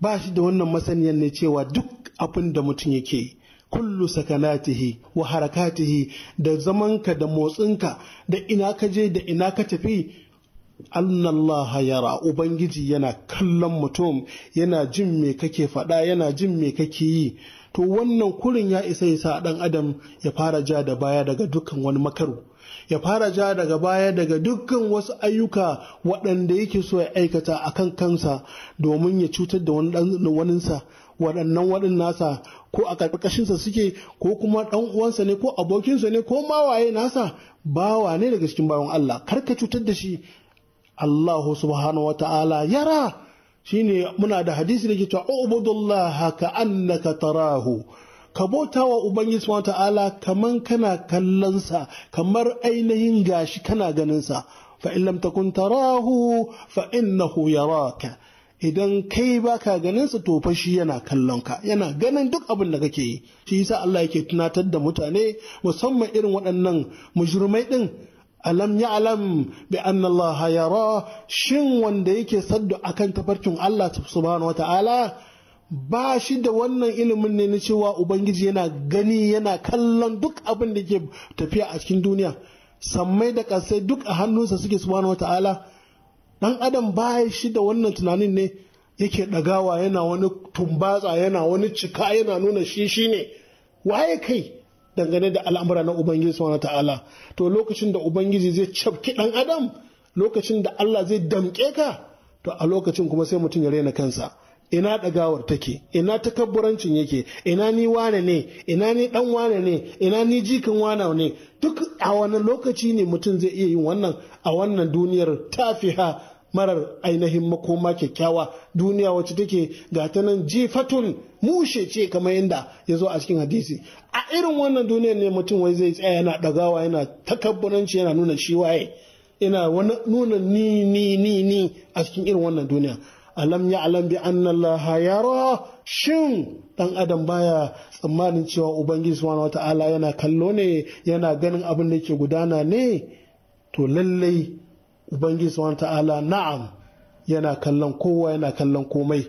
ba shi da wannan masaniyar ne cewa duk abin da mutum yake kullu sakanatihi wa harakatihi da zamanka da motsinka da ina ka je da ina ka tafi Allah yara Ubangiji yana kallon mutum yana jin me kake faɗa yana jin me kake yi to wannan kurin ya isa sa ɗan adam ya fara ja da baya daga dukkan wani makaru ya fara ja daga baya daga dukkan wasu ayyuka waɗanda yake so ya aikata a kan kansa domin ya cutar da wani waɗannan waɗin nasa ko a ƙarƙashinsa suke ko kuma ɗan uwansa ne ko abokinsa ne ko mawaye nasa bawa ne daga cikin bawan Allah kar ka cutar da shi Allahu subhanahu wa ta'ala yara shine muna da hadisi da ke cewa ubudullah ka annaka tarahu ka bauta wa ubangiji subhanahu wa ta'ala kaman kana kallonsa kamar ainihin gashi kana ganinsa fa in lam takun tarahu fa innahu yaraka idan kai baka ganin to fa shi yana kallon ka yana ganin duk abin da kake yi shi yasa Allah yake tunatar da mutane musamman irin waɗannan mujrimai din alam ya'lam bi anna Allah yara shin wanda yake saddu akan tafarkin Allah subhanahu wata'ala ba shi da wannan ilimin ne na cewa ubangiji yana gani yana kallon duk abin da ke tafiya a cikin duniya sammai da kasai duk a hannunsa suke subhanahu wata'ala dan adam ba shi da wannan tunanin ne yake dagawa yana wani tumbatsa yana wani cika yana nuna shi shine waye kai dangane da al'amura na ubangiji subhanahu ta'ala to lokacin da ubangiji zai cafke dan adam lokacin da Allah zai damke ka to a lokacin kuma sai mutum ya raina kansa ina ɗagawar take ina takabburancin yake ina ni wane ne ina ni dan wane ne ina ni jikin wane ne duk a wani lokaci ne mutum zai iya yin wannan a wannan duniyar tafiha marar ainihin makoma kyakkyawa duniya wacce take ga ta nan jifatun mushe ce kamar yadda ya zo a cikin hadisi a irin wannan duniyar ne mutum wai zai tsaya yana ɗagawa yana takabbaranci yana nuna shi waye ina nuna ni ni ni ni a cikin irin wannan duniya alam ya alam bi annallaha yara shin dan adam baya tsammanin cewa ubangiji subhanahu wata'ala yana kallo ne yana ganin abin da ke gudana ne to lallai ubangiji subhanahu wata'ala na'am yana kallon kowa yana kallon komai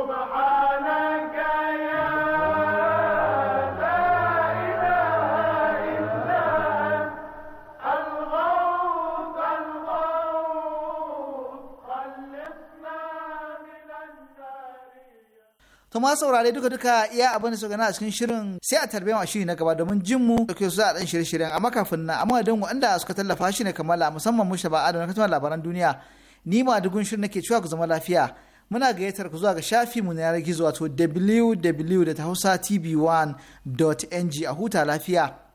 to ma saurare duka duka iya abin da suka a cikin shirin sai a tarbe a shiri na gaba domin jin mu da su a dan shirye shiryen amma kafin na amma don wanda suka tallafa shi ne kamala musamman mu shaba adam na labaran duniya ni ma dugun shirin nake cewa ku zama lafiya muna gayyatar ku zuwa ga shafi mu na yanar gizo wato www.hausatv1.ng a huta lafiya